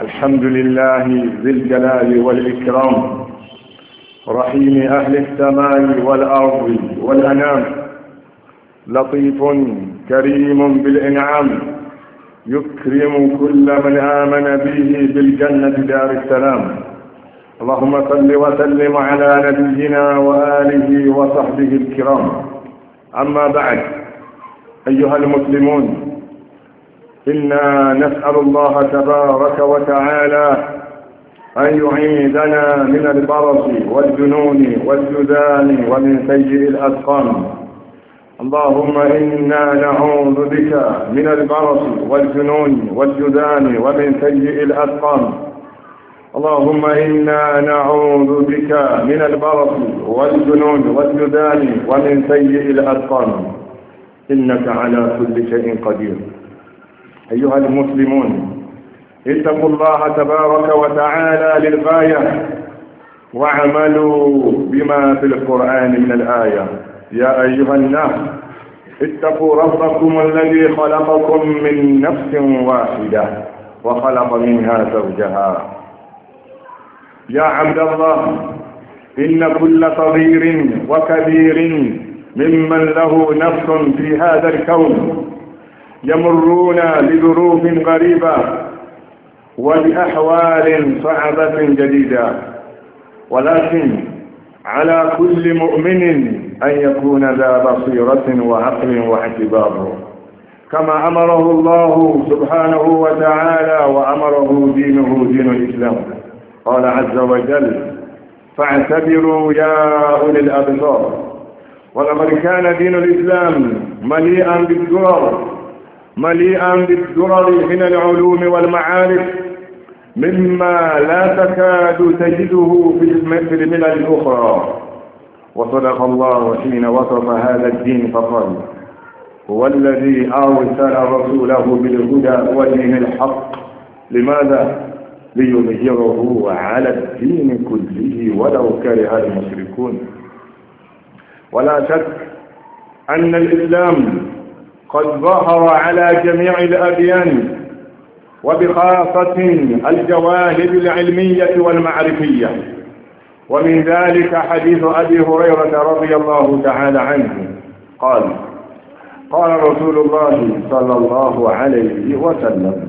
الحمد لله ذي الجلال والإكرام رحيم أهل السماء والأرض والأنام لطيف كريم بالإنعام يكرم كل من آمن به بالجنة دار السلام اللهم صل وسلم على نبينا وآله وصحبه الكرام أما بعد أيها المسلمون إنا نسأل الله تبارك وتعالى أن يعيدنا من البرص والجنون والجذام ومن سيء الأسقام اللهم إنا نعوذ بك من البرص والجنون والجذام ومن سيء الأسقام اللهم إنا نعوذ بك من البرص والجنون والجذام ومن سيء الأسقام إنك على كل شيء قدير أيها المسلمون اتقوا الله تبارك وتعالى للغاية واعملوا بما في القرآن من الآية يا أيها الناس اتقوا ربكم الذي خلقكم من نفس واحدة وخلق منها زوجها يا عبد الله إن كل صغير وكبير ممن له نفس في هذا الكون يمرون بظروف غريبة وبأحوال صعبة جديدة ولكن على كل مؤمن أن يكون ذا بصيرة وعقل واعتبار كما أمره الله سبحانه وتعالى وأمره دينه دين الإسلام قال عز وجل فاعتبروا يا أولي الأبصار ولقد كان دين الإسلام مليئا بالدرر مليئا بالدرر من العلوم والمعارف مما لا تكاد تجده في الملل الأخرى وصدق الله حين وصف هذا الدين فقال هو الذي أرسل رسوله بالهدى ودين الحق لماذا؟ ليظهره على الدين كله ولو كره المشركون ولا شك أن الإسلام قد ظهر على جميع الأديان وبخاصة الجواهر العلمية والمعرفية ومن ذلك حديث أبي هريرة رضي الله تعالى عنه قال قال رسول الله صلى الله عليه وسلم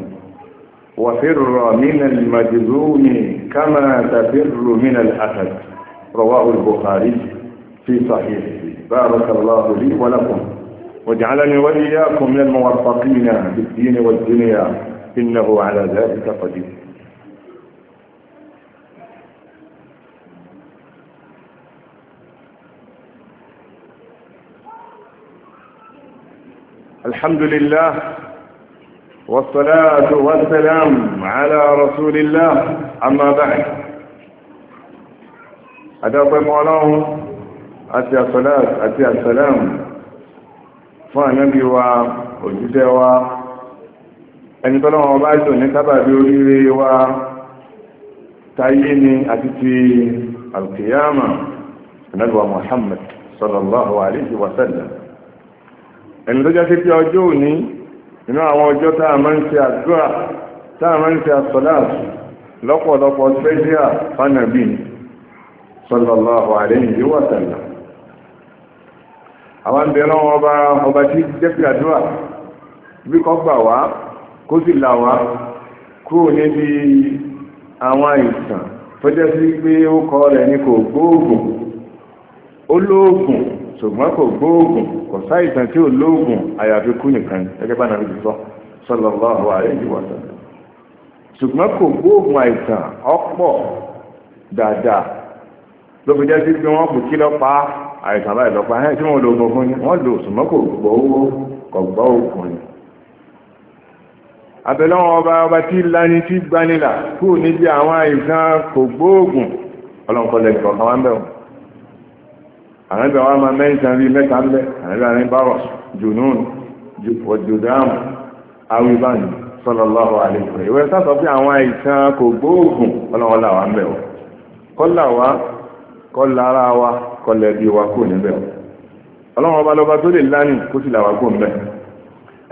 وفر من المجذوم كما تفر من الأسد رواه البخاري في صحيحه بارك الله لي ولكم واجعلني وإياكم من الموفقين بالدين والدنيا إنه على ذلك قدير الحمد لله والصلاة والسلام على رسول الله أما بعد أدى طيب الله أتى صلاة أتى السلام fún ànábì wa òjíṣẹ́ wa ẹni tọ́lọ́wọ́ bá tò ní sábàbí oríire wa táyé ni àti ti alkiyama ànábì wa Muhammad sallallahu alayhi wa sallam ẹni tó jásí pé ọjọ́ òní inú àwọn ọjọ́ táà máa ń ṣe àdúrà táà sallallahu alayhi wa àwọn ìbẹ̀rẹ̀ ọba ọba tí jẹ́ pé àdúrà bí kọ́ gbà wá kó sì là wá kúrò níbi àwọn àìsàn tó jẹ́ sí pé ó kọ́ rẹ̀ ní kò gbóògùn ó ṣùgbọ́n kò gbóògùn kò sáìsàn tí ò àyàfi kú nìkan gẹ́gẹ́ bá nàbí sọ sallallahu alaihi wa sallam ṣùgbọ́n kò gbóògùn àìsàn ọ̀pọ̀ dáadáa ló fi jẹ́ sí pé wọ́n kò kí lọ́pàá àìsàn báyìí lọ́pàá ẹ̀ tí wọ́n lo ogun fún yín wọ́n lo òṣùmọ́ kò gbọ́ owó kò gbọ́ òkun yìí. abẹ́lẹ́wọ̀n ọba ọba tí lani tí gbanilà kú níbi àwọn àìsàn kò gbóògùn ọlọ́nkọlẹ̀ ìgbọ̀n kan wá ń bẹ̀ wọ́n. àwọn ìbẹ̀ wọn máa mẹ́sàn-án rí mẹ́ta ń bẹ̀ àwọn ìbẹ̀ wọn bá wọ̀ kọlẹ̀ bí wa kò níbẹ̀ ọlọ́run ọba lọ́ba tó lè lánìí kó sì làwà kò níbẹ̀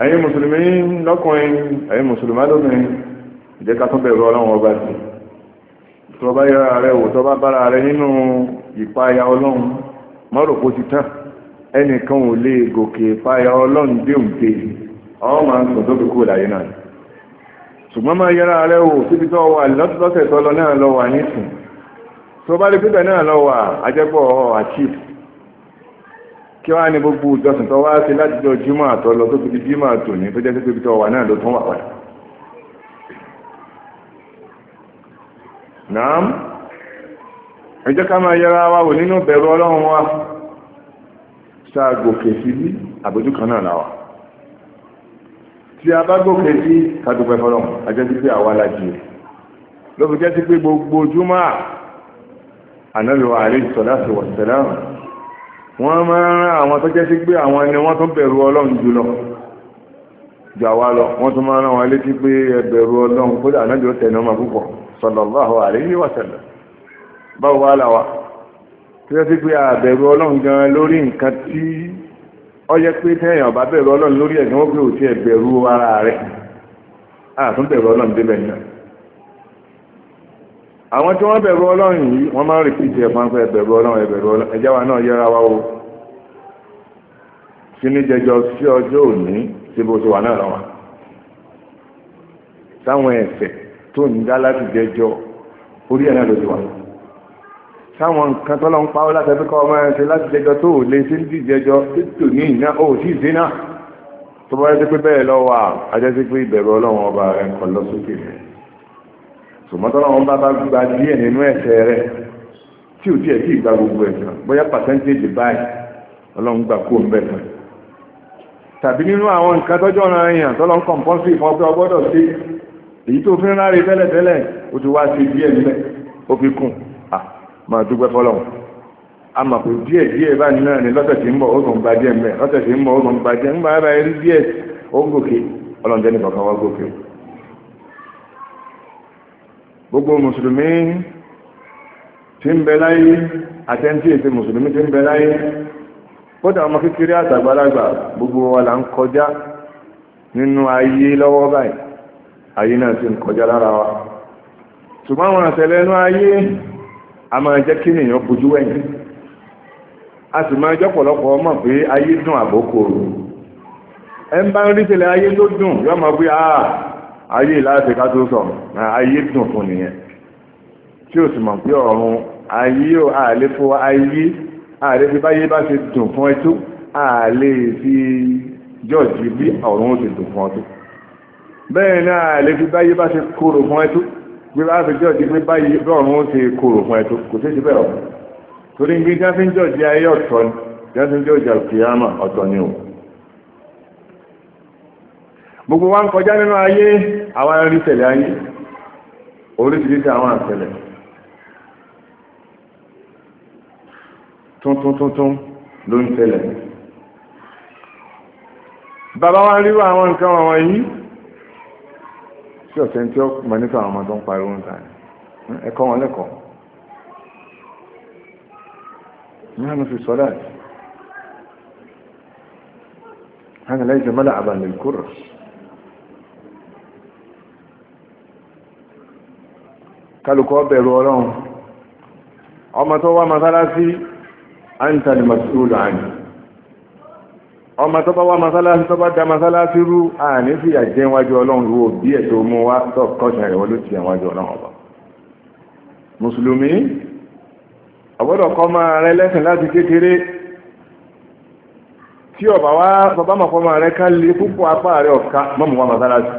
ẹ̀yin mùsùlùmí lọ́kùnrin ẹ̀yin mùsùlùmá lóbìnrin ìjẹ́ ká tó bẹ̀rù ọlọ́run ọba sí tọba yára rẹ wò tọba bára rẹ nínú ìpayà ọlọ́run mọ́rò kó ti tó bá rí pípẹ̀ náà lọ́wọ́ àjẹ́pọ̀ àchíf kí wá ní gbogbo ìjọsìn tó wá sí láti jọ jímọ̀ àtọ́ lọ tó fi di jímọ̀ àtò ní tó jẹ́ pípẹ́ tó wà náà ló tún wà padà naam ẹ jẹ́ ká máa yẹra wa wò nínú bẹ̀rù ọlọ́run wa sáà gòkè sí bí àbójú kan náà láwàá tí a bá gòkè sí kàdùpẹ̀ fọlọ́n àjẹsí pé àwa la jù ló fi jẹ́ sí pé gbogbo ojúmọ́ ànábìwà àríṣọ́láṣì wọ̀sẹ̀láàmù wọ́n máa ń rán àwọn tó jẹ́ sí pé àwọn ẹni wọ́n tó bẹ̀rù ọlọ́run jùlọ jù àwa lọ wọ́n tó máa rán wọn létí pé ẹbẹ̀rù ọlọ́run kó dà nájọ́ tẹ̀lé ọmọ púpọ̀ sallallahu alaihi wa sallam báwo wá làwà tó jẹ́ sí pé àbẹ̀rù ọlọ́run gan lórí nǹkan tí àwọn tí wọ́n bẹ̀rù ọlọ́run yìí wọ́n máa ń rìpíìtì ẹ̀fọn fún ẹ̀bẹ̀rù ọlọ́run ẹ̀bẹ̀rù ọlọ́run ẹ̀já náà yẹra wa o kí ní jẹjọ sí ọjọ́ òní tí bó ti wà náà lọ́wọ́ sáwọn ẹ̀fẹ̀ tó ń dá láti jẹjọ orí ẹ̀ náà ló ti wà sáwọn nǹkan tọ́lọ́ ń pawọ́ láti ẹbí kọ́ ọmọ ẹ̀ ṣe láti jẹjọ tó ò lè ṣe ń dìjẹjọ tó ní ìná ò tí ì dínà tó bá yẹ sí pé bẹ́ẹ̀ lọ́wọ́ àjẹsí sòmọ́tọ́lá wọn bá bá gba díẹ̀ nínú ẹ̀ṣẹ̀ rẹ tí ò tiẹ̀ tí ì gba gbogbo ẹ̀ṣẹ̀ bóyá pàṣẹ́ntéèjì báyìí ọlọ́run gbà kó ń bẹ̀ tán tàbí nínú àwọn nǹkan tọ́jọ́ ọ̀nà èèyàn tọ́lọ́ ń kọ̀m̀pọ́sì fún ọgbẹ́ ọgbọ́dọ̀ sí èyí tó fi rárá tẹ́lẹ̀ tẹ́lẹ̀ ó ti wá sí díẹ̀ nílẹ̀ ó fi kún à máa dúpẹ́ fọlọ́run a mọ̀ pé díẹ̀ díẹ̀ bá nínú ẹni lọ́sẹ̀ tí ń bọ̀ ó tún gba díẹ̀ mẹ́ lọ́sẹ̀ tí ń bọ̀ ó tún gba díẹ̀ ń bá rí díẹ̀ ó gòkè ọlọ́run jẹ́ nìkan kan wá gòkè gbogbo musulmi ti ń bẹ láyé àtẹ́ntí ètè mùsùlùmí tí ń bẹ láyé kódà ọmọ kékeré àtàgbàlagbà gbogbo wa n'kọja ń kọjá nínú ayé lọ́wọ́ báyìí ayé náà ti ń wa ṣùgbọ́n àwọn àṣẹlẹ̀ inú ayé a máa jẹ́ kí ènìyàn a sì máa jẹ́ pọ̀lọpọ̀ ọmọ pé ayé dùn àbókò ń bá ayé láti ká tó sọ̀rọ̀ ayé dùn fún nìyẹn tí o sì mọ̀ pé ọ̀run ayé ò àlè fún ayé àlè fi báyé bá ṣe dùn fún ẹ àlè fi jọ́ọ̀jì bí ọ̀run ó ti dùn fún ẹ bẹ́ẹ̀ náà àlè fi báyé bá ṣe kóró fún ẹ tó bá fi jọ́ọ̀jì pé báyé bí ọ̀run ó ti kóró fún ẹ kò sí ti bẹ́ẹ̀ ọ̀run torí gbé jáfíńjọ́ọ̀jì ayé ọ̀tọ̀ ni jáfíńjọ́ọ̀jì àlùkìyàmà ọ̀tọ̀ ni o gbogbo wa ń kọjá nínú ayé àwọn arí tẹ̀lẹ̀ ayé oríṣiríṣi àwọn àtẹ̀lẹ̀ tuntun tuntun ló ń tẹ̀lẹ̀ bàbá wa rí àwọn nǹkan àwọn yìí sí ọ̀sẹ̀ tí ó mọ̀ nípa àwọn ọmọ tó ń pariwo ń ta ẹ̀kọ́ wọn lẹ́kọ̀ọ́ نحن في صلاة هذا ليس ملعبا للكرة kálukọ́ bẹ̀rù ọlọ́run ọmọ tó wá masalasi antani masulu ani ọmọ tó bá wá masalasi tó bá da masalasi rú àní fi àjẹ́ wájú ọlọ́run wo bí ẹ̀ tó mú wá tó kọ́ṣà rẹ̀ wọlé tiẹ̀ wájú ọlọ́run ọba mùsùlùmí ọ̀gbọ́dọ̀ kọ́ máa rẹ lẹ́sìn láti kékeré tí ọba wá bàbá màkọ́ máa rẹ ká lé púpọ̀ apá rẹ ọ̀ka mọ́mù wá masalasi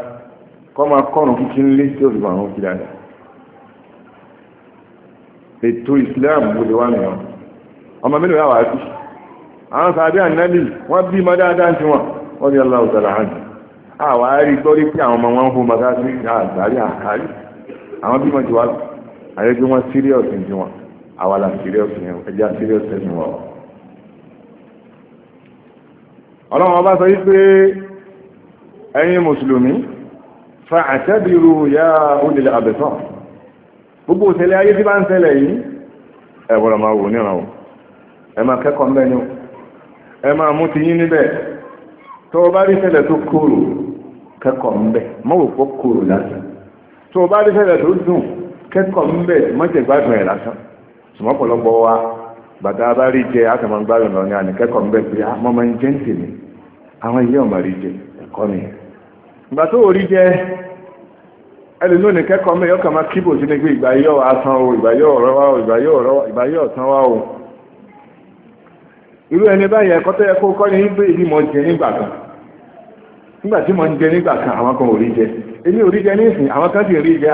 kọ́ máa kọ́rùn kíkí ńlé tí ó fi wà ń kí dáadáa ètò islam gbogbo wà nìyàn ọmọ mélòó yà wà á sí àwọn sàbí ànábì wọ́n bí mọ́ dáadáa sí wọn wọ́n ní aláwọ̀ tààrà hàn àwọn àárí gbọ́rí pé àwọn ọmọ wọn ń fún mọ́tà sí àgbárí àkárí àwọn bímọ ti wá àyè pé wọ́n serious ní tiwọn àwa la serious yẹn ẹja serious ẹni wọ́n. ọlọ́run ọba sọ wípé ẹ̀yin mùsùlùmí fa àtẹ́bìrú ya ulil abẹ́sàn gbogbo òṣèlè ayé tí bá ń ṣẹlẹ̀ yìí ẹ máa wò ní ẹ máa kẹ́kọ̀ọ́ ni ẹ máa mú ti yín níbẹ̀ tó bá rí tó kòrò kẹ́kọ̀ọ́ mbẹ́ mọ́ pọ́ kòrò lásán tó bá rí tó dùn kẹ́kọ̀ọ́ gbádùn ẹ̀ lásán wa bàtà bá rí jẹ àtàmọ́ gbádùn lọ ní àná kẹ́kọ̀ọ́ pé àmọ́ máa ń jẹ́ ń tèmi àwọn ilé ẹni lónìí kẹ́kọ̀ọ́ mẹ́yọ́ kà kíbò sí nígbé ìgbàyọ̀ asán o ìgbàyọ̀ ọ̀rọ̀ wa o ìgbàyọ̀ ọ̀tán wa o irú ẹni báyìí ẹ̀kọ́ tó yẹ kó kọ́ ibi mọ̀ jẹ nígbà kan nígbà tí mọ̀ jẹ nígbà kan àwọn kan ò rí jẹ èmi ò rí jẹ àwọn kan sì rí jẹ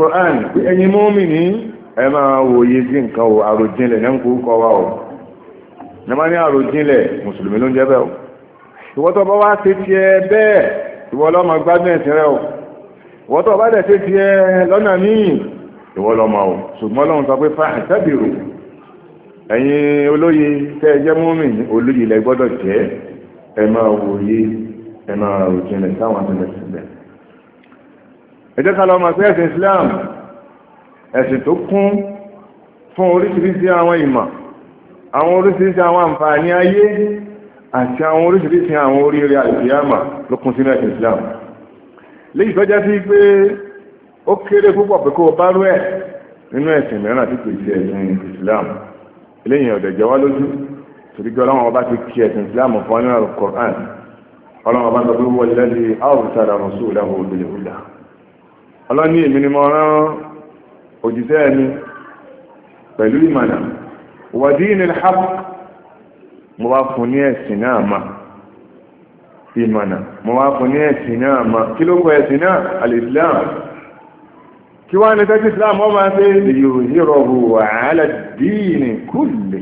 ya bẹ́ẹ̀ ní a ẹ máa wòye sí nǹkan o àròjinlẹ̀ ní kú kọ wa o ní máa ní àròjinlẹ̀ mùsùlùmí ló ń jẹ́ bẹ́ẹ̀ o ìwọ́tọ̀ bá wá ṣe tiẹ̀ bẹ́ẹ̀ ìwọ lọ́mọ gbádùn ẹ̀sìn rẹ o ìwọ́tọ̀ bá dẹ̀ ṣe tiẹ̀ lọ́nà míì ìwọ lọ́mọ o ṣùgbọ́n lọ́hùn sọ pé fáà sẹ́bìrù ẹ̀yin olóye tẹ́ ẹ jẹ́ mọ́mì olóye ilẹ̀ gbọ́dọ̀ jẹ́ ẹ máa wòye ẹ máa àròjinlẹ̀ sáwọn àtẹ̀lẹ̀sìn bẹ́ẹ̀ ẹ jẹ́ ká lọ́mọ pé ẹ̀sìn Islam ẹ̀sìn tó kún fún oríṣiríṣi àwọn ìmọ̀ àwọn oríṣiríṣi àwọn àǹfààní ayé àti àwọn oríṣiríṣi àwọn oríire àìsíyàmà ló kún sínú ẹ̀sìn Islam léyìí tọ́já sí pé ó kéré púpọ̀ pé kó o bá rú ẹ̀ nínú ẹ̀sìn mìíràn tí kò sí ẹ̀sìn Islam eléyìí ọ̀dẹ̀ jẹ́ wá lójú torí pé ọlọ́run ọba ti kí ẹ̀sìn Islam fún ọ́nà Al-Qur'an ọlọ́run ọba sọ pé wọ́n lẹ́lẹ́ àwòsára rọ̀ṣù lẹ́hùn òbílẹ̀ hùdà òjìṣẹ́ ẹni pẹ̀lú ìmọ̀nà wàdí ní hap mo wá fún ní ẹ̀sìn náà ma ìmọ̀nà mo wá fún ní ẹ̀sìn náà ma kí ló kọ ẹ̀sìn náà alìsílám kí wá ní tẹ́tí islam wọ́n máa fẹ́ yóò hírọ̀ hù wàhálà dìínì kúlè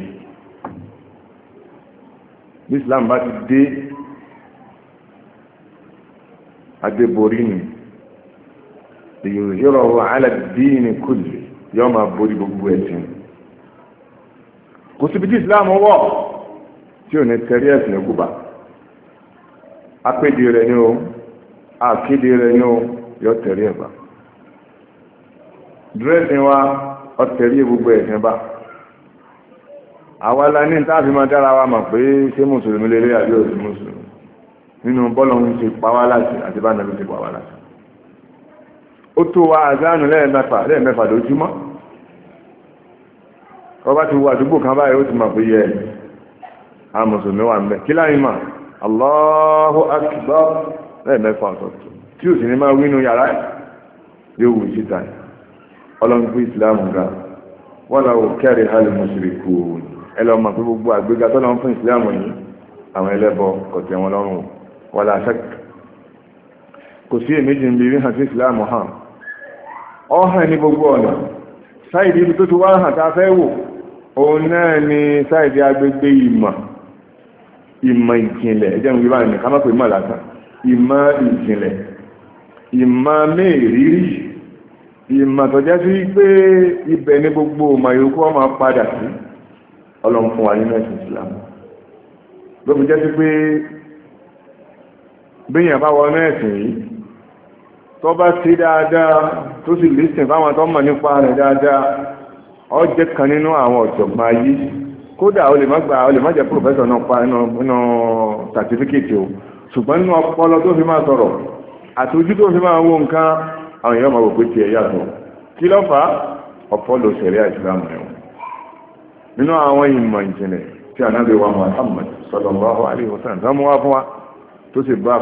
islam bá ti dé adébórí nìyí lèyòrò aládìíní kùlì yọ máa borí gbogbo ẹ̀sìn kò síbi tí islam wọ̀ tí ò ní tẹ̀rí ẹ̀sìn ẹ̀kúba apéde rẹ̀ ni o akéde rẹ̀ ni o yọ tẹ̀rí ẹ̀bà dírẹ́sìn wa ọ tẹ̀rí gbogbo ẹ̀sìn bá àwa la ní tá a fi máa dára wa mọ̀ pé ṣé mùsùlùmí lè rí àbí òsì mùsùlùmí nínú bọ́ọ̀lù ń ṣe pa wá láti àti bá nàbí ṣe pa wá láti. ó tó wa àzánù lẹ́ẹ̀mẹ́fà lẹ́ẹ̀mẹ́fà lójúmọ́ ọba ti wo àdúgbò kan báyìí ó ti mọ̀ pé yẹ a mùsùlùmí wà ń bẹ kí láyìn mà lẹ́ẹ̀mẹ́fà ọ̀tọ̀ọ̀tọ̀ tí ò sì ní máa wínú yàrá yóò wù síta ọlọ́run ìsìláàmù ga ẹ mọ̀ pé gbogbo àgbéga fún ìsìláàmù yìí àwọn ẹlẹ́bọ wala kò sí èméjì ọ̀hàn ní gbogbo ọ̀nà sáìdì ibi tó ti wá hàn tá a fẹ́ wò òun náà ni sáìdì agbègbè ìmọ̀ ìmọ̀ ìjìnlẹ̀ ẹjẹ́ ń wíwá ní ká má pè mọ̀ lásán ìmọ̀ ìjìnlẹ̀ ìmọ̀ mẹ́rìírí ìmọ̀ tọ́já sí pé ibẹ̀ ní gbogbo ìmọ̀ yòókù ọmọ padà sí ọlọ́run fún wa nínú ẹ̀sìn Islam ló jẹ́ sí pé bíyàn bá wọ ẹ̀sìn yìí tó bá ṣe dáadáa tó sì lẹ́sìn fáwọn tó mọ̀ nípa rẹ̀ dáadáa ó jẹ́ kan nínú àwọn ọ̀jọ̀gbọ́n ayé kódà o lè má gba o lè má jẹ́ pòfẹ́sọ̀ náà pa nínú sàtífíkètì o ṣùgbọ́n nínú ọpọlọ tó fi máa sọ̀rọ̀ àti ojú tó fi máa wo nǹkan àwọn èèyàn máa wò pé tiẹ̀ yàtọ̀ kí ló fà á ọpọlọ ṣẹ̀ríà ìsìlámù rẹ̀ nínú àwọn ìmọ̀ ìjìnlẹ̀ tí ànábì wa Muhammad sallallahu alaihi wasallam tó sì bá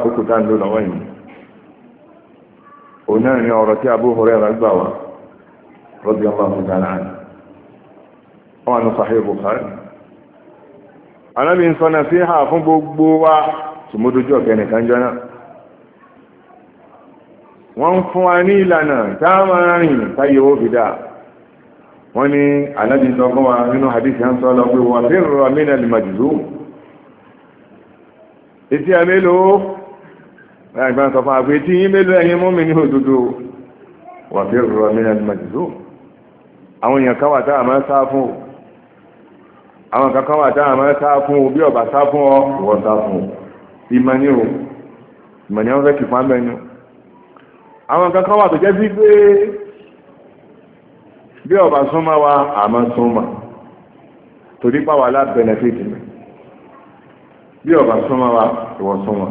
òun náà ni ọ̀rọ̀ tí Abu Hurairah gbà wá radiyallahu ta'ala anhu wọ́n wà ní Sahih Bukhari anábì ń sọ́nà sí ha fún gbogbo wa tùmọ́dójú ọ̀kẹ́ nìkan jọ náà wọ́n ń fún wa ní ìlànà táàmà rìn táyé ó fi dáa wọ́n ẹgbẹ́ sọ fún àgbé tí yín mélòó ẹ̀yin mú mi ní òdodo wà fi rọ mílíọ̀n mẹ́jọ àwọn èèyàn kan wà tá sá fún o àwọn kan kan wà tá fún o bí ọba sá fún ọ ìwọ sá fún o ìmọ̀ ni ọba wa àmọ́ torí pàwọ́ ọba wa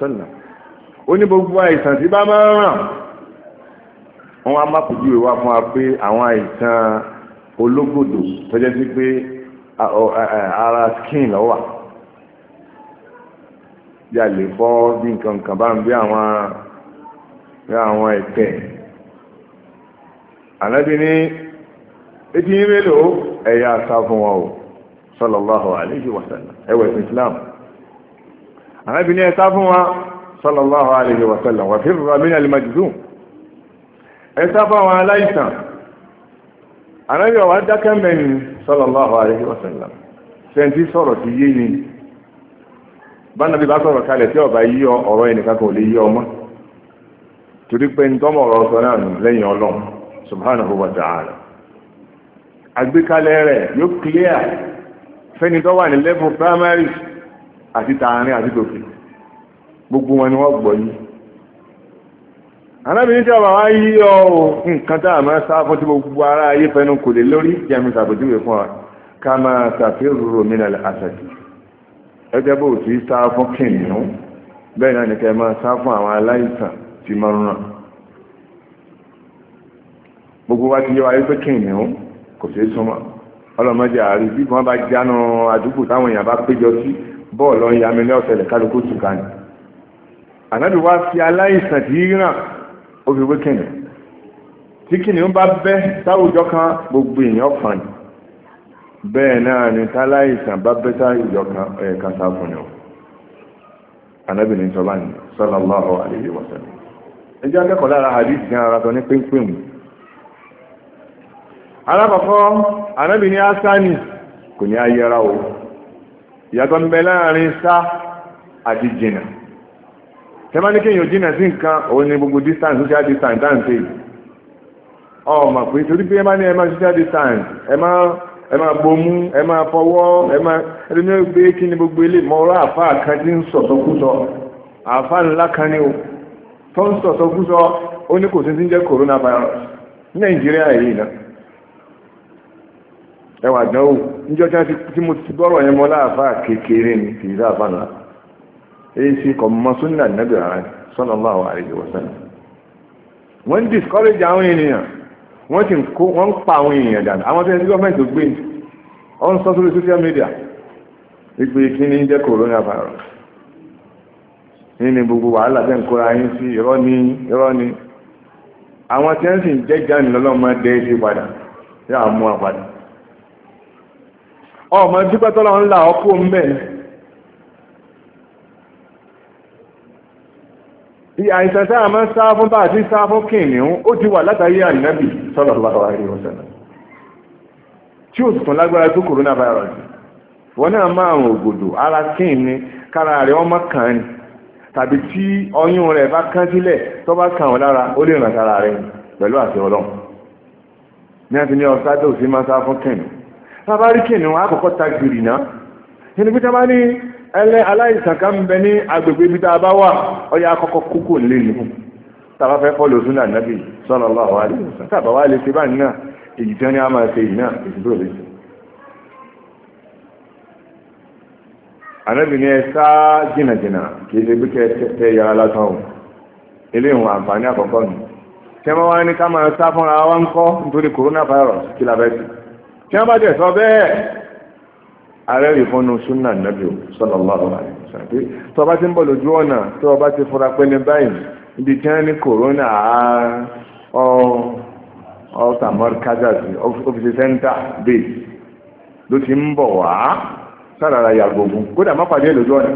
sọ́nà ó ní gbogbo àìsàn tí bá máa ń ràn wọ́n á má kojú ìwà fún wa pé àwọn àìsàn ológòdò tọ́jẹ́ sí pé ara skin ló wà bí a lè fọ́ bí nǹkan kan bá ń bí àwọn bí àwọn ẹ̀tẹ̀ ànábi ní etí yín mélòó ẹ̀yà sá fún wọn o sallallahu alaihi wasallam ẹwẹ̀ islam arábìnrin ẹ̀sá fún wa sallallahu alayhi wa sallam wà fírra min al-majdum ẹ̀sá fún àwọn aláìsàn arábìnrin ọ̀wá dákẹ́ mẹ́rin sallallahu alayhi wa sallam sẹ́ńtì sọ̀rọ̀ ti yé ni bánàbí bá sọ̀rọ̀ kalẹ̀ tí ọba yí ọ̀rọ̀ ẹnìkan kò lè yí ọmọ torí pé ntọ́mọ̀ ọ̀rọ̀ sọ náà nù lẹ́yìn subhanahu wa ta'ala àgbékalẹ̀ rẹ̀ yóò clear fẹ́ni tó wà ní level primary àti tààrin àti tòkè gbogbo wọn ni wọ́n gbọ́ yí arábìnrin tí ọba wá yí ọ nǹkan tá a máa sá fún tí gbogbo ara ayé fẹnu kò lè lórí jẹmi sàpèjúwe fún ọ ká máa sàfihàn òmìnira àṣàkì ẹgbẹ́ bó ti sá fún kìnnìún bẹ́ẹ̀ náà nìkan máa sá àwọn aláìsàn tí máa ràn gbogbo wa ti yẹ wa yí kìnnìún kò sí súnmọ́ ọlọ́mọdé àárí bí wọ́n bá jánu àdúgbò táwọn èèyàn bá péjọ sí bọ́ọ̀lù ọ̀yà mi lọ́sẹ̀lẹ̀ kálukú tùkà ní ànábì wá fi aláìsàn tí ríràn ó fi wé kìnìún tí bá bẹ́ kan gbogbo èèyàn fàn bẹ́ẹ̀ náà ni táláìsàn bá bẹ́ kan ni ànábì ní ẹjọ́ akẹ́kọ̀ọ́ lára gan ara ní pínpín asani kò ní ayẹra o ìyàtọ̀ ń bẹ láàrin sá àti jìnà tẹ́bá ní jìnà sí nǹkan òun ni gbogbo distance social distance dáǹtì ọmọ pé torí pé ẹ ní ẹ social distance ẹ máa ẹ fọwọ́ ẹ máa ní gbé kí ni gbogbo ilé mọ ọ̀rọ̀ kan tí ń ńlá kan coronavirus ẹwà dánwò níjọ́ tí mo ti gbọ́rọ̀ yẹn láàfà kékeré ní ti ìlà àbánà èyí sí kọ̀ súnà nẹ́bì rárá sallallahu alaihi wasallam wọ́n discourage àwọn ènìyàn wọ́n ti kó wọ́n pa àwọn èèyàn dànù àwọn gbé ọ ń sọ sórí social media wípé kí ni jẹ́ nínú gbogbo wàhálà tẹ́ ń kóra yín sí ní ní àwọn ọmọ dúpẹ́ tọ́lọ ń là ọkú mẹ́ àìsàn sáà máa ń sá fún bá àti sá fún kìnnìún ó ti wà látàrí ànábì sallallahu alaihi wasallam tí ó tún lágbára tó coronavirus wọ́n náà máa ń ògòdò ara kín ní kára rẹ̀ wọ́n má kàn ní tàbí tí ọyún rẹ̀ bá kán sílẹ̀ tó bá kàn wọ́n lára ó lè ràn sára rẹ̀ pẹ̀lú àti ọlọ́run ní àti ní ọ̀sá tó sì máa sá fún kìnnìún tabaríkì ni wọ́n àkọ́kọ́ ta gbìrì náà ẹni pé tábà ní ẹlẹ́ aláìsàn ká ń bẹ ní agbègbè ibi tá a bá wà ọyá àkọ́kọ́ kókò lè nù tàbá fẹ́ fọ́lọ̀ sún náà nábì sallallahu alaihi wasallam tàbá wà lè ṣe bá nínà èyí tí wọ́n ní a máa ṣe ìná ìdúró lè ṣe. ànábì ní ẹ sá jìnnàjìnnà kì í ṣe bí kẹ yàrá lásán o ilé ìwọ̀n àǹfààní àkọ́kọ́ nù tẹ́wọ́n wá ní ká máa sá fúnra wa ń kọ́ nítorí coronavirus kí la bẹ́ẹ̀ tí sọ bẹ́ẹ̀ ààrẹ rí fọ́nù súnà sallallahu alaihi tó bá ti ń bọ̀ lójú ọ̀nà tó bá ti fura pé ní báyìí ibi tí wọ́n ní kòrónà ọ̀tà mọ́rkájà sí ọ́fíìsì sẹ́ńtà ló ti ń bọ̀ wá sára yàgò fún kódà má pàdé lójú ọ̀nà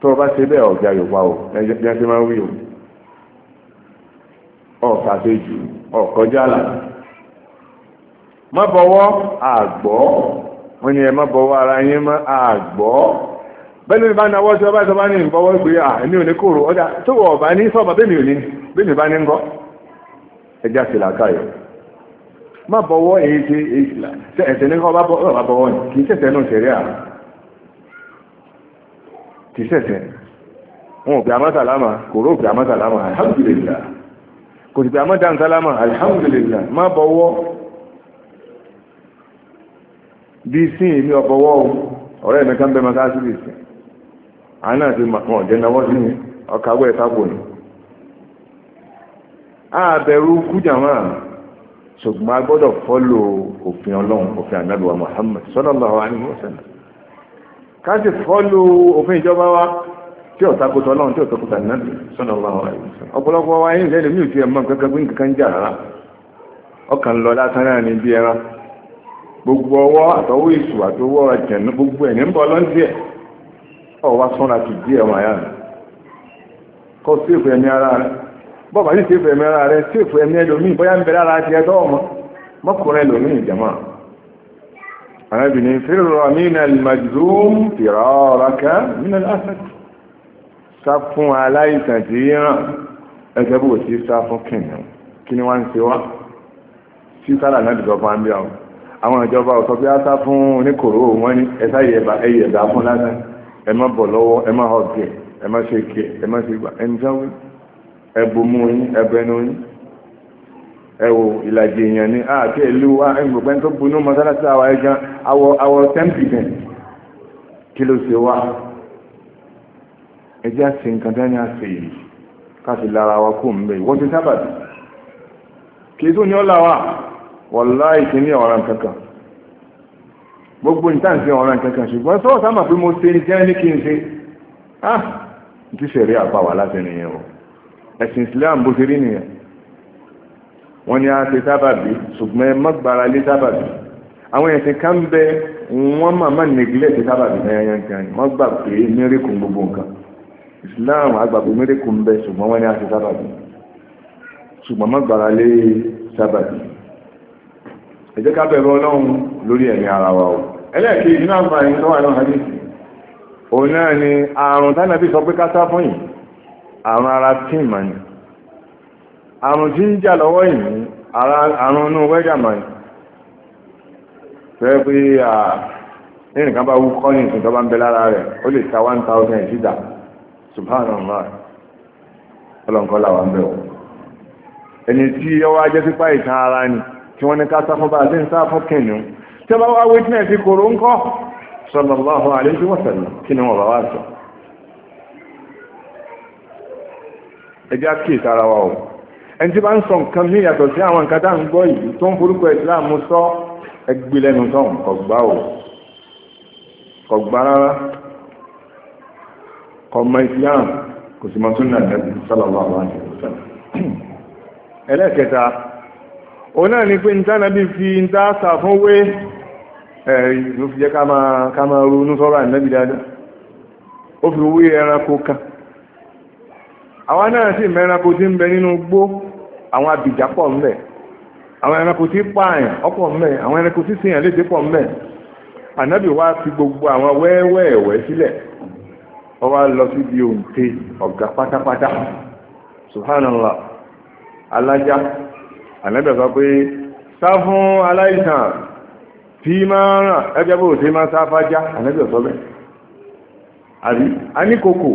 tó bá ṣe bẹ́ẹ̀ má àgbọ́ wọ́n ní ara yín má àgbọ́ bẹ́ẹ̀ bá tí ọba ìsọba ní ìbọ̀wọ́ pé à èmi ò kòrò ọjà tó wọ̀ ọ̀bá ní sọ́ọ̀bà bẹ́ẹ̀ mi ò bá ní ń gọ́ ẹja sì èyí tí ní kì í nù à kì í wọn ò pè àmọ́ sàlámà pè àmọ́ sàlámà kò bí sí èmi ọ̀pọ̀wọ́ ọ̀rẹ́ mi kan bẹ ma sáà síbi ìsìn àánà ti mọ̀ ọ̀jẹ́ náwọ́ sí mi ọkàwé ẹ̀ta kò ní. àbẹ̀rù kújàmá ṣùgbọ́n a gbọ́dọ̀ fọ́lò òfin ọlọ́run òfin Muhammad sallallahu alaihi wasallam ká sì fọ́lò òfin ìjọba wa tí ọlọ́run tí ànábì sallallahu alaihi ọ̀pọ̀lọpọ̀ wa yín lẹ́nu mi ò tiẹ̀ kankan gbé nǹkan jà rárá ọkàn lọ lásán náà ní bí gbogbo ọwọ́ àtọwọ́ èṣù àtọwọ́ ẹ̀jẹ̀nú gbogbo ẹ̀ ní ń bọ́ lọ́ndí ẹ̀ ọwọ́ sọ́nà ti dí ẹ̀ wọ̀nyá rẹ̀ kọ́ sífù ẹ̀mí ara rẹ̀ bọ́ọ̀bà sí sífù ẹ̀mí ara rẹ̀ sífù ẹ̀mí ẹlòmíì bóyá ń bẹ lára ti ẹ̀ tọ́wọ́ mọ́ mọ́kùnrin ẹlòmíì jẹ̀mọ́ arábìnrin fírọ̀ mínà al àwọn ìjọba ọ̀sọ̀ bí ásá fún oníkòró wọn ní ẹ̀sá ìyẹ̀bà ẹ̀yẹ̀ ẹ̀dá fún lásán ẹ má bọ̀ lọ́wọ́ ẹ má hàn tiẹ̀ ẹ má ṣe kẹ̀ ẹ má ṣe gbà ẹni sáwé ẹbù mú yín ẹbẹnu yín ẹwò ìlàjì èèyàn ní àti ìlú wa ẹgbẹ̀gbẹ́ tó bunú mọ́sálásí àwọ̀ ẹ̀gán awọ awọ tẹ́ǹpì gan kí ló ṣe wá ẹjẹ́ àti nǹkan tẹ́ àṣẹ yìí káfí lára wa kò ń bẹ̀ wọ́n ti sábàbí kì í tó ní ọ́ làwà wọ̀láì kí ní ọ̀ràn kankan gbogbo ìtànsí ọ̀ràn kankan ṣùgbọ́n sọ́ọ̀ sáàmà pé mo ṣe jẹ́ ní kí n ṣe ah ti ṣẹ̀rí àpáwà láti nìyẹn o ẹ̀sìn Islam bó ṣe rí nìyẹn wọ́n ní a ṣe sábàbí ṣùgbọ́n ẹ má gbára lé sábàbí àwọn ẹ̀sìn kan ń bẹ wọ́n máa má neglect sábàbí ẹ̀yàn kan wọ́n gbà pé mẹ́rẹ̀kùn gbogbo nǹkan Islam àgbà pé bẹ ṣùgbọ́n wọ́n ní a ṣe sábàbí ṣùgbọ́n má gbára lé sábàbí ẹ jẹ́ ká bẹ̀rù ọlọ́run lórí ẹ̀mí ara wa o ẹlẹ́ẹ̀kì ìdínà àǹfààní tó wà náà hàn nísì òun náà ni àrùn tánàbí sọ pé kásá fún yìí àrùn ara tí ìmọ̀ ni àrùn tí ń jà lọ́wọ́ yìí àrùn inú wẹ́gà mọ̀ ni fẹ́ pé nínú kan bá wú kọ́ ní ìsìn tó bá ń bẹ lára rẹ̀ ó lè ta one thousand ìdídà subhanallah ọlọ́nkọ́ làwọn bẹ̀ wọ̀ ẹni tí ọwọ́ ajẹ́ sípá ìtàn ara ni tí wọ́n ní ká sá fún bá àti ń sá fún kìnìún tí wọ́n wá witness kòrò ń kọ́ sallallahu alayhi wa sallam kí ni wọ́n bá wá sọ. ẹjẹ́ àkíyèsí ara wa o ẹni tí bá ń sọ nǹkan ní ìyàtọ̀ sí àwọn nǹkan tá ń gbọ́ yìí tó ń forúkọ ìsìláàmù sọ ẹgbẹ́ lẹ́nu sọ̀hún kọ̀gbá o kọ̀gbá rárá kọ̀mọ ìsìláàmù kò sì mọ sunna Nabi sallallahu alayhi wa sallam ẹlẹ́ẹ̀kẹta o náà ni pé ìtànàbí fi nta sàfúnwé ẹ̀rí ló fi jẹ́ ká máa ronú sọ́rọ̀ ànábì dáadáa ó fi wé ẹranko kan àwọn náà sì mẹ́ranko tí ń bẹ nínú gbó àwọn abìjà pọ̀ ń àwọn ẹranko tí pààyàn ọ̀pọ̀ ń àwọn ẹranko tí sèèyàn léde pọ̀ ànábì wá fi gbogbo àwọn wẹ́wẹ́ẹ̀wẹ́ sílẹ̀ ó wá lọ sí ibi òǹtẹ̀ ọ̀gá pátápátá subhanallah alájá ànábì sọ pé sá fún aláìsàn tí máa ràn ẹgbẹ́ bó ṣe máa sá fájá ànábì sọ bẹ́ẹ̀ àbí a ní kòkò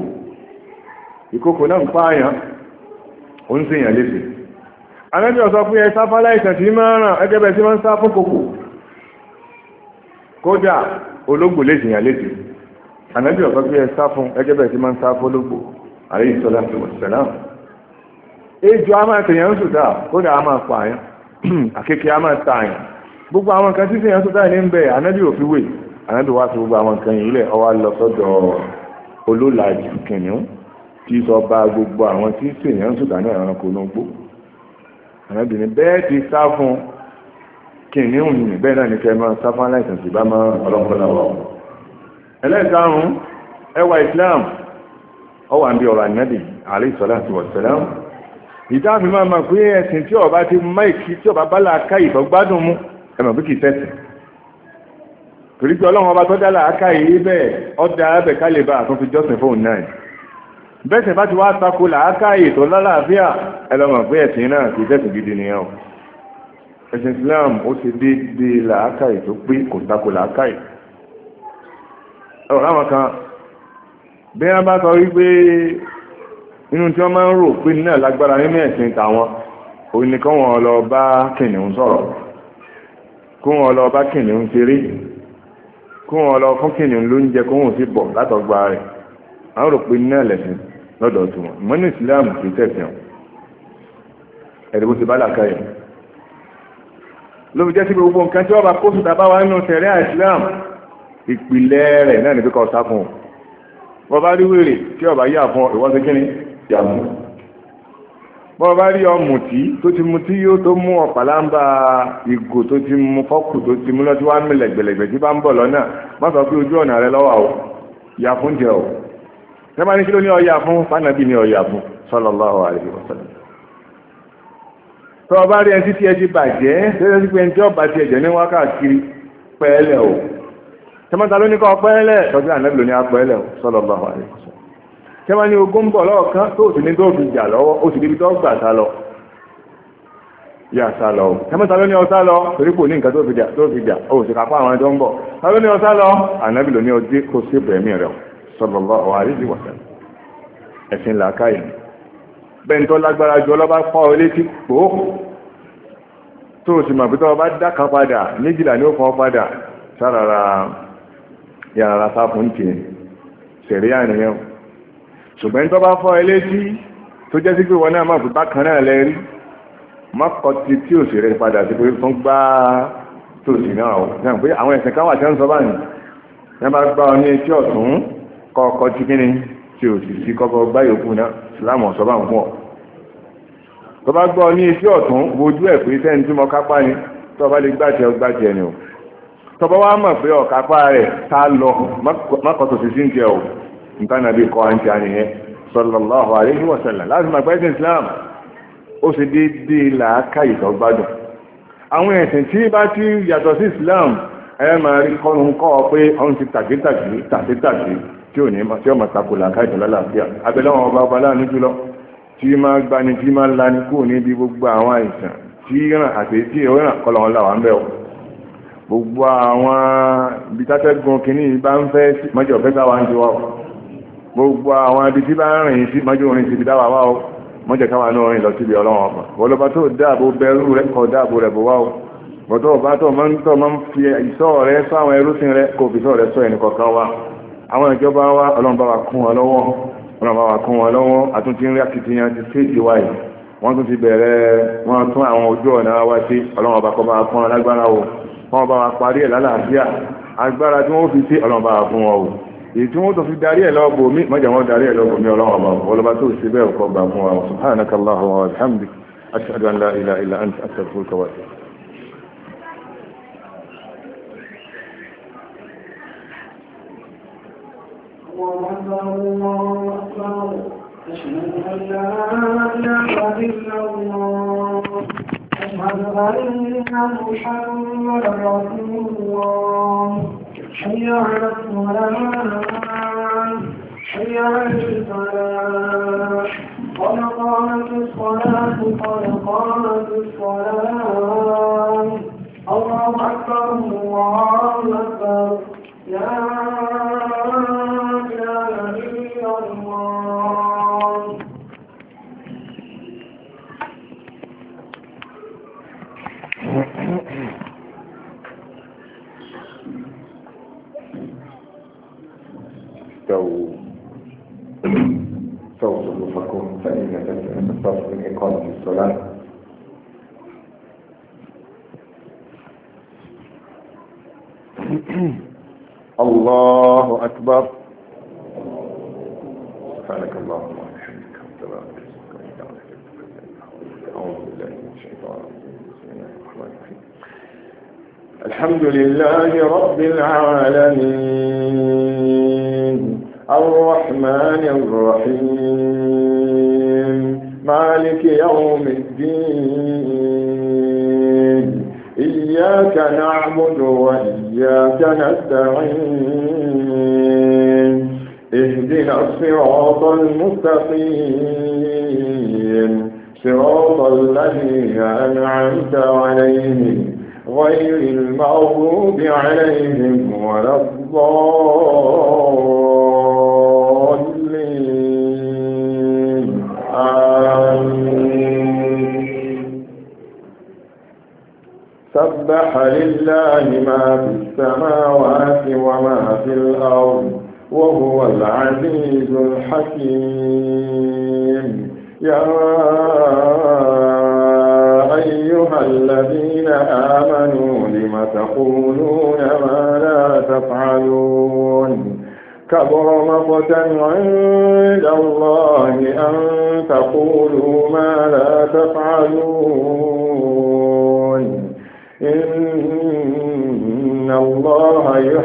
ìkòkò náà ń pààyàn ó ń sèyàn léṣe ànábì sọ pé ẹ sá fún aláìsàn tí máa ràn ẹgbẹ́ bẹ́ẹ̀ tí máa ń sá fún kòkò kódà ológbò léṣe yàn léṣe ànábì sọ pé ẹ sá fún ẹgbẹ́ bẹ́ẹ̀ tí máa ń sá fún ológbò àríyìn sọlá tó ejò a máa tèèyàn ń sùtà kódà a máa pa àyàn àkekè a máa ta àyàn gbogbo àwọn nǹkan tí tèèyàn sùtà ní ń bẹ ànábì ò fi wè ànábì wá sí gbogbo àwọn nǹkan yìí lẹ̀ ó wá lọ sọ́dọ̀ olólàjì kìnìún tí sọ ba gbogbo àwọn tí tèèyàn sùtà ní àwọn ọkọ̀ olóńgbò ànábì ní bẹ́ẹ̀ ti sá fún kìnìún ní bẹ́ẹ̀ náà ní kẹ́ máa sá fún aláìsàn sì bá máa ọlọ́pọ̀lọpọ̀ Islam ọwà ń bí ọ̀rọ̀ salatu wa salam ìdáàfin máa ma pé ẹ̀sìn tí ọba ti máìkì tí ọba bá làákà ìfọ̀gbádùn mú ẹ̀mọ̀ bí kìí sẹ́sìn torí pé ọlọ́run ọba tó dá làákà yìí bẹ́ẹ̀ ọ̀dà abẹ̀ ká lè bá àtúntò jọ́sìn fóun náà bẹ́sẹ̀ bá ti wá tako làákà ètò lálàáfíà ẹlọ́mọ̀ pé ẹ̀sìn náà kìí sẹ́sìn gidi nìyẹn o ẹ̀sìn Islam ó ti dé dé làákà ètò pé kò tako làákà yìí ọ̀rọ̀ àwọn kan bí wọ́n bá sọ wípé nínú tí wọ́n máa ń rò pé náà lágbára nínú ẹ̀sìn tàwọn òun ni kọ́ wọn lọ bá kìnìún sọ̀rọ̀ kó wọn lọ bá kìnìún ṣeré kó wọn lọ fún kìnìún lóúnjẹ kó wọn sì bọ̀ látọ̀gba rẹ̀ àwọn rò pé náà lẹ̀sìn lọ́dọ̀ tí wọn mọ́ ní ìsìláàmù kì tẹ̀sìn ẹ̀rí ti bá làkà yẹn ló fi jẹ́ sí gbogbo nǹkan tí wọ́n bá kó sùn tàbá wa nínú sẹ̀rí àìsìláàmù ìpìlẹ̀ rẹ̀ náà ní pé kọ́ sáfún ọ bọ́ bá rí wèrè tí ọba yà fún ìwọ́n ti yàmù bọ́ bá rí ọmùtí tó ti mu tí yóò tó mú ọ̀pàlámbà ìgò tó ti mu fọ́kù tó ti mú lọ́tí wá mílẹ̀ gbẹ̀lẹ̀gbẹ̀ tí bá ń bọ̀ lọ́nà má sọ pé ojú ọ̀nà rẹ lọ́wọ́ o yà fún jẹ o sẹ́bà ní kí ló ní ọ̀yà fún fánàbí ní ọ̀yà fún sallallahu alaihi wasallam tọ́ bá rí ẹni títí ẹjí bàjẹ́ tẹ́lẹ̀ sí pé ẹni tí ó ti ẹ̀jẹ̀ ní wákàtí pẹ́ẹ́lẹ̀ o tẹ́mọ́ta ló ní kọ́ pẹ́ẹ́lẹ̀ tọ́jú ànábì tẹ́wọ́n ní ogún bọ̀ lọ́wọ́ kan tó sì ní tó fi jà lọ́wọ́ ó sì níbi tó gbà sá lọ yà sá lọ o tẹ́wọ́n sá ló ní ọsá lọ torí kò ní nǹkan tó fi jà tó fi jà ó sì kápá àwọn ẹjọ́ ń bọ̀ sá ló ní ọsá lọ ànábì ló ní ọdí kó sí bẹ̀mí rẹ̀ sallallahu alaihi wa sallam ẹ̀sìn làákàyè bẹ́ẹ̀ tó lágbára ju ọlọ́ba pa létí pò ó tó o sì mọ̀ pé tó o bá dákan padà méjìlá ni ó fọ́ padà sára yàrá sáfún tiẹ̀ sẹ̀ríyà nìyẹn ṣùgbọ́n tó bá fọ́ ilé tí tó jẹ́ sí pé wọn náà máa fi bákan náà lẹ́rí má kọ ti tí òsì rẹ̀ padà sí pé tó ń gbá tòsì náà ó náà pé àwọn ẹ̀sìn kan wà tí wọ́n sọ báyìí wọ́n bá gbá ọ ní etí ọ̀tún kọ́kọ́ tí kíni tí òsì sí kọ́kọ́ gbá yòókù náà ìsìlámù ọ̀sọ́ bá ń fún ọ tó bá gbọ́ ní etí ọ̀tún wojú ẹ̀ pé sẹ́ni tí mo kápá ni tó bá lè gbàjẹ́ gbàjẹ́ ni nǹkan nàbí kọ́ àǹtí àníyẹn sallallahu alayhi wa sallam láti máa pẹ́ sí islam ó sì déédéé làákà ìtọ́gbádùn àwọn ẹ̀sìn tí bá ti yàtọ̀ sí islam ẹ máa rí kọ́nu kọ́ ọ pé ọ̀hún ti tàgétàgé tàgétàgé tí ò ní tí ọmọ tako làákà ìtọ́lálàáfíà abẹ́lẹ́wọ̀n ọba ọba láàánú jùlọ tí máa gbani tí máa lani kúrò níbi gbogbo àwọn àìsàn tí ràn àti tí ìrìnà kọlọ̀wọ́n láwà ń bẹ̀ gbogbo àwọn ibi tátẹ́gùn gbogbo àwọn ibi tí bá ń rìn sí mọ́jú orin sí ibi dáwà wá o mọ́jẹ̀ káwà náà rìn lọ síbi ọlọ́wọ́n ọ̀pọ̀ bọ́lọ́bá tó dáàbò bẹ̀rù rẹ̀ kọ dáàbò rẹ̀ bó wá o bọ́tọ̀ bá tọ̀ máa ń tọ̀ máa ń fi ìṣọ́ rẹ̀ sọ àwọn ẹrúsìn rẹ̀ kò fi sọ́ rẹ̀ sọ ẹnì kọ̀ọ̀kan wa àwọn ìjọba wa ọlọ́run bá wa kún wọn lọ́wọ́ ọlọ́run bá wa kún wọn lọ́wọ́ àtúntí ńlá kìtìyàn ti séèjì èyí tí wọ́n tó fi darí ẹ̀ lọ́gbọ̀ mi mọ́jà wọ́n darí ẹ̀ lọ́gbọ̀ mi ọlọ́wọ́ bá wọ́n lọ́ba tó ṣe bẹ́ẹ̀ kọ́ gbà fún wa subhanaka allahumma wa bihamdika ashhadu an la ilaha illa anta astaghfiruka wa atubu الله أكبر أشهد أن لا إله إلا الله أشهد أن محمد رسول الله حي على الصلاة حي على الفلاح قد قامت الصلاة قد قامت الصلاة الله أكبر الله أكبر يا سووا صدوفكم فإن من إقامة الصلاة الله أكبر سبحانك اللهم وبحمدك الله الحمد لله رب العالمين الرحمن الرحيم مالك يوم الدين إياك نعبد وإياك نستعين اهدنا الصراط المستقيم صراط الذين أنعمت عليهم غير المغضوب عليهم ولا الضالين سبح لله ما في السماوات وما في الأرض وهو العزيز الحكيم يا أيها الذين آمنوا لم تقولون ما لا تفعلون كبر مقتا عند الله أن تقولوا ما لا تفعلون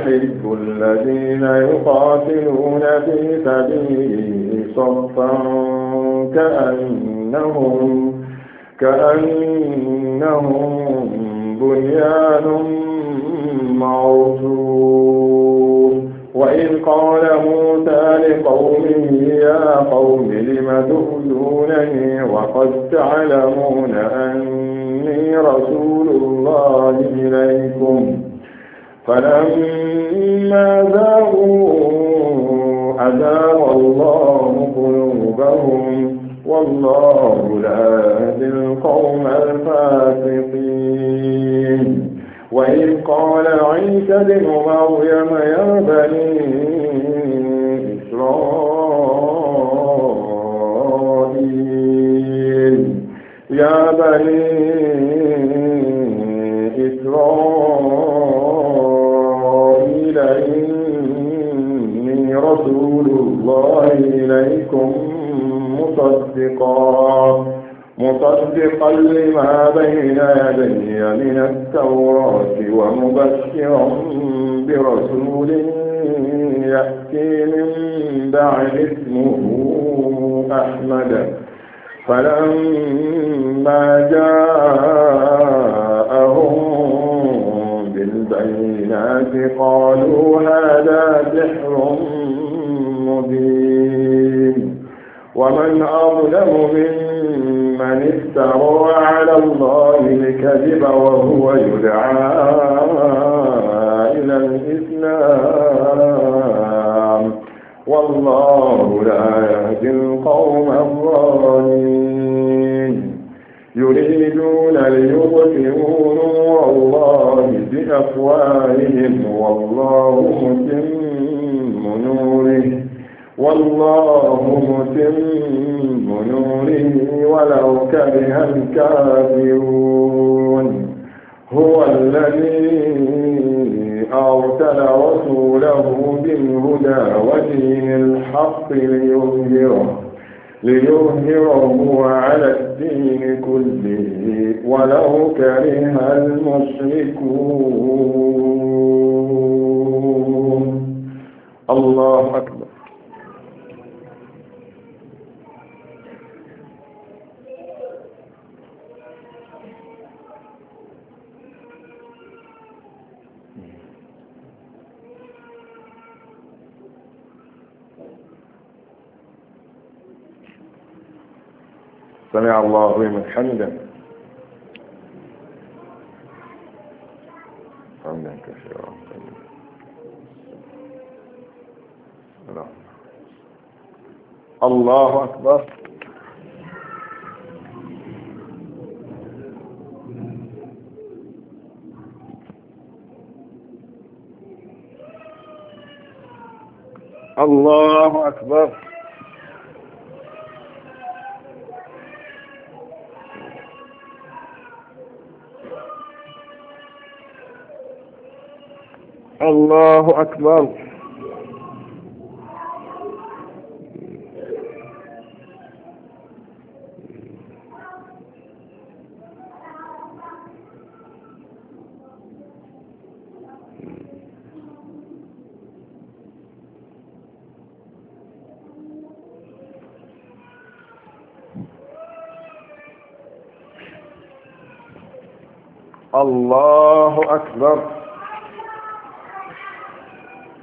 يحب الذين يقاتلون في سبيله صفا كأنهم كأنهم بنيان مرصوص وإذ قال موسى لقومه يا قوم لم تؤذونني وقد تعلمون أني رسول الله إليكم فلما فلما زاغوا أداوى الله قلوبهم والله لا يهدي القوم الفاسقين وإذ قال عيسى بن مريم يا بني إسرائيل يا بني إسرائيل رسول الله إليكم مصدقا مصدقا لما بين يدي من التوراة ومبشرا برسول يأتي من بعد اسمه أحمد فلما جاءهم بالبينات قالوا هذا سحر مبين ومن أظلم ممن افترى على الله الكذب وهو يدعى إلى الإسلام والله لا يهدي القوم الظالمين يريدون ليطفئوا نور الله بأفواههم والله متم نوره والله متم نوره ولو كره الكافرون هو الذي أرسل رسوله بالهدى ودين الحق ليظهره ليظهره على الدين كله ولو كره المشركون الله أكبر الله لمن حمدا حمدا كثيرا الله أكبر الله أكبر الله أكبر الله أكبر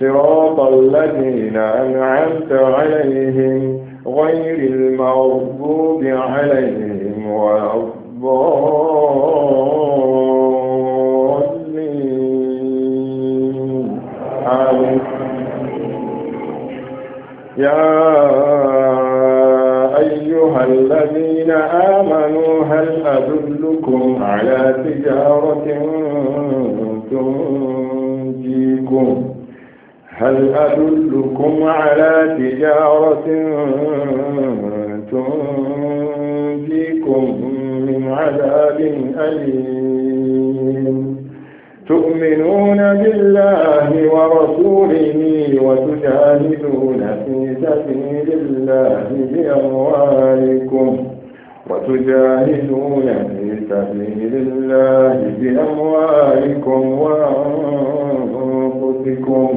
صراط الذين أنعمت عليهم غير المغضوب عليهم ولا الضالين يا أيها الذين آمنوا هل أدلكم على تجارة تنجيكم هل أدلكم على تجارة تنجيكم من عذاب أليم تؤمنون بالله ورسوله وتجاهدون في سبيل الله بأموالكم وتجاهدون في سبيل الله بأموالكم وأنفسكم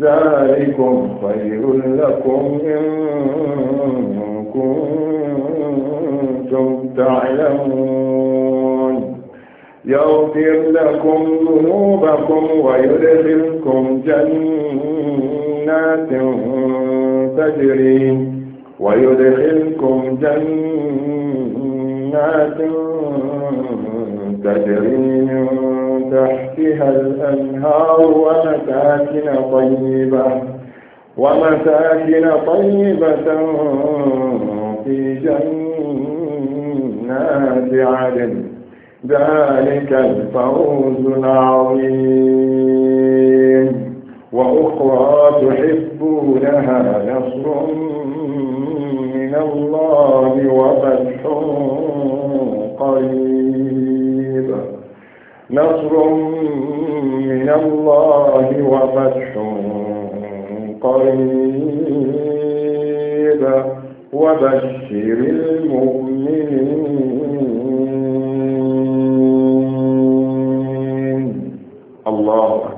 ذلكم خير لكم إن كنتم تعلمون يغفر لكم ذنوبكم ويدخلكم جنات تجري ويدخلكم جنات تجري من تحتها الأنهار ومساكن طيبة ومساكن طيبة في جنات عدن ذلك الفوز العظيم وأخرى تحبونها نصر من الله وفتح قريب نصر من الله وفتح قريب وبشر المؤمنين الله